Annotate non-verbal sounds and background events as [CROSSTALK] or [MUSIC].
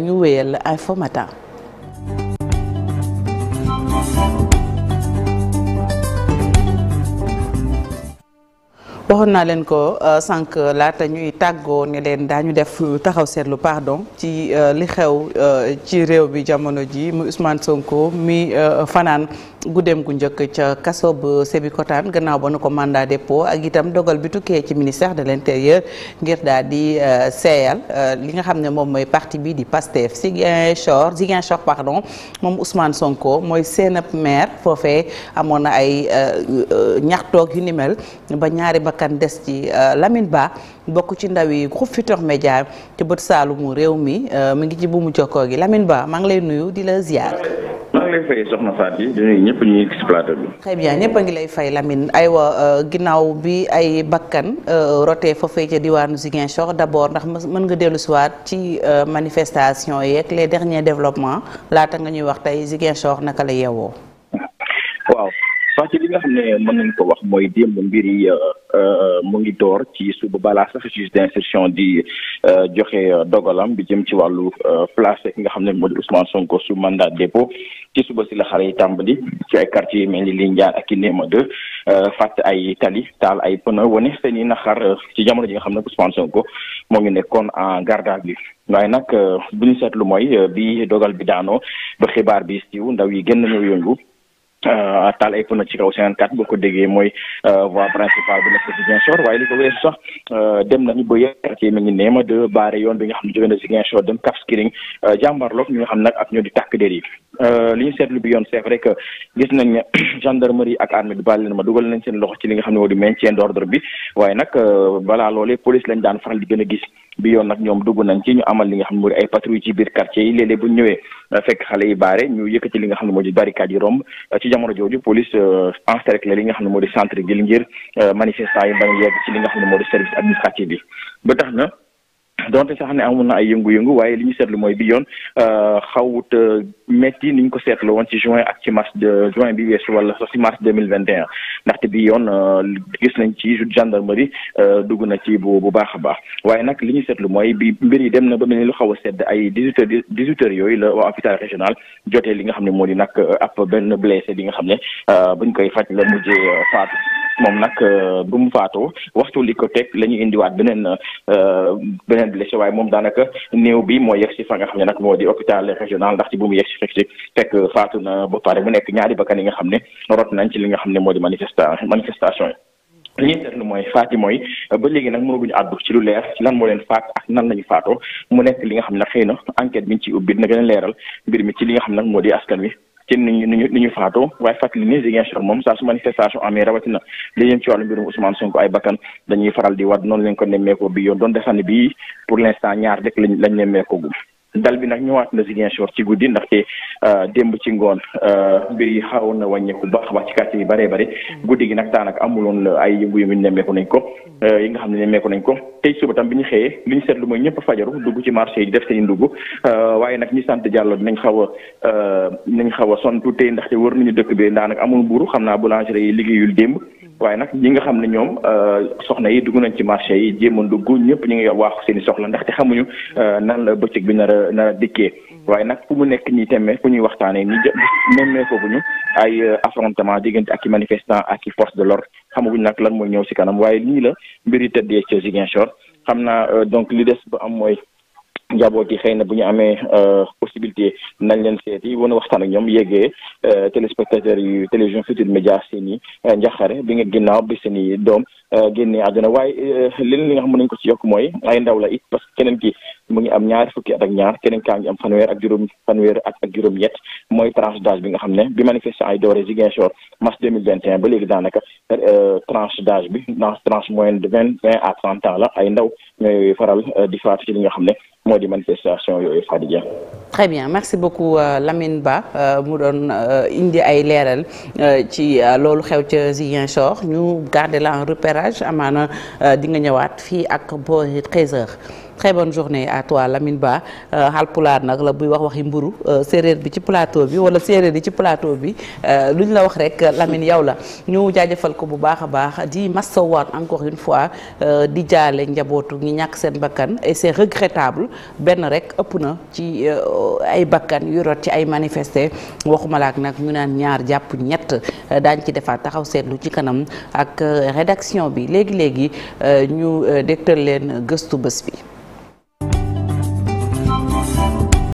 ñu wéyal Infos Matin waxoon naa leen ko euh, sànq laata ñuy tàggoo ne leen daañu def taxaw seetlu pardon ci euh, li xew euh, ci réew bi jamono ji mu Ousmane Sonko mi fanaan guddeem gu njëkk ca kaso bu Sébikotane gannaaw ba nu ko mandat dépôt ak itam dogal bi tukkee ci ministère de l'intérieur ngir daal di euh, seeyal euh, li nga xam ne moom mooy parti bi di Pastef Ziguinchor Ziguinchor pardon moom Ousmane Sonko mooy seenab maire foofee amoon na ay euh, ñaxtoog yu mel ba ñaari bakkan des ci Lamine Ba bokk ci ndaw yi groupe Futurs Médias ci bët saalumu réew mi mu ngi ci bu mu jokkoo gi Lamine Ba maa ngi lay nuyu di la ziar. lay fay soxna ñëpp a ngi lay fay Lamine aywa euh, ginnaaw bi ay bakkan euh, rotee foofee ca diwaanu Ziguinchor d'abord ndax mën nga dellu siwaat ci euh, manifestation yeeg les derniers développements laata nga ñuy wax tey Ziguinchor naka la yeewoo. waaw Fatou li nga xam ne mën nañ ko wax mooy démb mbir Euh, mu ngi door ci suba balaa sax juge d'instruction di euh, joxe euh, dogalam bi jëm ci wàllu placé ki nga xam ne moo di Ousmane Sonko su mandat dépôt ci suba si la xare yi tàmbali ci ay quartier yi mel ni Lindiane ak i Néma 2 fàtt ay tali taal ay pneu wone seen na xar ci jamono ji nga xam ne Ousmane ko moo ngi nekkoon en garde à waaye nag bu ñu seetlu mooy bi dogal bi daanoo ba xibaar bi siiw ndaw yi gën nañu yëngu taal ay pneu ci kaw 54 boo ko déggee mooy euh, voie principale bi nekk ci waaye li ko weesu sax euh, dem nañu ba yéen quartier ngi neema de baare yoon bi nga xam ne jóge na Ziguinchor dem Cap Skirring euh, jàmbarloog ñi nga xam nag ak ñoo di tàkk der seetlu bi yoon c'est vrai que gis nañ ne [CLEARS THROAT] gendarmerie ak armée bi bàyyi ma dugal nañ seen loxo ci li nga xam ne moo di maintien d'ordre bi waaye nag balaa loolee police lañ daan faral di gën a gis bi yoon nag ñoom dugg nañ ci ñu amal li nga xam ne moo di ay patrouille ci biir quartier yi léeg bu ñëwee euh, fekk xale yi baare ñu yëkkati li nga xam ne moo di barricade yi romb euh, ci jamono jooju police euh, encerclé li nga xam ne moo di centre gi ngir manifestant yi bañ yegg ci li nga xam ne moo di service administratif bi ba tax na donte sax ne amoon na ay yëngu-yëngu waaye li ñu seetlu mooy bi yoon euh, xawut euh, metti ni ñu ko seetlu woon ci juin ak ci mars juin bi wees wala sax ci mars deux mille vingt et un ndaxte bi yoon euh, gis nañ ci gendarmerie dugg na ci bu bu baax a baax waaye nag li ñu seetlu mooy bi mbir yi dem na ba mel lu xaw a sedd ay dix-huit yooyu la waa hôpital régional jotee li nga xam ne moo di nag ab benn blessé bi nga xam ne buñ koy faj la mujjee faatu moom nag euh, bu mu faatoo waxtu li ko teg la ñuy indiwaat beneen euh, beneen blessé waaye moom daanaka néew bi moo yegg si fa nga xam ne nag moo di hôpital régional ndax ci bu mu yegg si fekk faatu na ba pare mu nekk ñaari bakkan yi nga xam ne rot nañ ci li nga xam ne moo di manifesta manifestation yi. li ñuy seetlu mooy faat yi mooy ba léegi nag mënaguñu àddu ci lu leer ci lan moo leen faat ak nan lañu faatoo mu nekk li nga xam ne xëy na enquête bi ñu ciy ubbi dina leeral mbir mi ci li nga xam nag moo di askan wi. ci ni ñu ni ñu ni ñu faatoo waaye fàttali ni Ziguinchor moom saa su manifestation amee rawatina li jëm ci wàllu mbirum Ousmane Sonko ay bakkan dañuy faral di waat noonu lañ ko nemmeekoo bi yoon doon desandi bi pour l'instant ñaar rek lañ lañ nemmeekoo gum dal bi nag ñëwaat na Ziguinchor ci guddi ndaxte euh, démb ci ngoon euh, mbir yi xawoon na wàññeeku baax baax ci quartier yi bëree bëri mm. guddi gi nag daanaka amuloon ay yëngu-yëngu nemmeeku nañ ko mm. euh, yi nga xam ne nemmeeku nañ ko tey suba tam bi ñu xëyee li ñu seetlu mooy ñëpp fajaru dugg ci marché yi def seen ndugg waaye nag ñi sant jàlloo nañ xaw a dinañ xaw a sonn tuuti ndaxte war nañu dëkk bi daanaka amul mburu xam naa boulangerie yi liggéeyul démb waaye nag ñi nga xam ne ñoom euh, soxna yi dugg nañ ci marché yi jéemoon dugg ñëpp ñu ngi waaxu seen i soxla ndaxte xamuñu euh, nan la bëccëg bi nar a dikkee mm. waaye nag fu mu nekk nii tamit fu ñuy waxtaanee ni jë nemmee ay euh, affrontement diggante ak i manifestant ak i force de l'ordre xamaguñ nag lan mooy ñëw si kanam waaye nii la mbir yi tëddee ca Ziguinchor xam naa donc li des ba am mooy njaboot yi xëy na bu ñu amee euh, possibilité nañ leen seeti wana waxtaan ak ñoom yéegee euh, téléspectateurs yu télévision Futurs Médias seen i euh, njaxare bi nga ginnaaw bi seen i doom Euh, génne àdduna waaye euh, leneen li nga xam ne nañ ko ci yokk mooy ay ndaw la it parce que keneen ki mu ngi am ñaari fukki at ak ñaar keneen kaa am fanweer ak juróom fanweer ak juróom-ñett mooy tranche d'âge bi nga xam ne bi manifestant euh, ay la ay ndaw ñooy faral di faatu ci li nga xam ne moo di manifestation yooyu Fadidia. très bien merci beaucoup Lamine Ba mu doon indi ay leeral ci loolu xew ca Ziguinchor ñu garder la en repère éclairage amaana euh, di nga ñëwaat fii ak boori 13 très bonne journée à toi Lamine Ba euh, Halpulaar nag la buy wax waxi mburu euh, séeréer bi ci plateau bi wala séeréer yi ci plateau bi euh, lu ñu la wax rek Lamine yow la ñu jaajëfal ko bu baax a baax di masawaat encore une fois di jaale njabootu ñi ñàkk seen bakkan et c'est regrettable benn rek ëpp na ci ay bakkan yu rot ci ay manifesté waxuma nag ñu naan ñaar jàpp ñett daañ ci defaat taxaw seetlu ci kanam ak rédaction bi léegi léegi ñu dégtal leen gëstu bés bi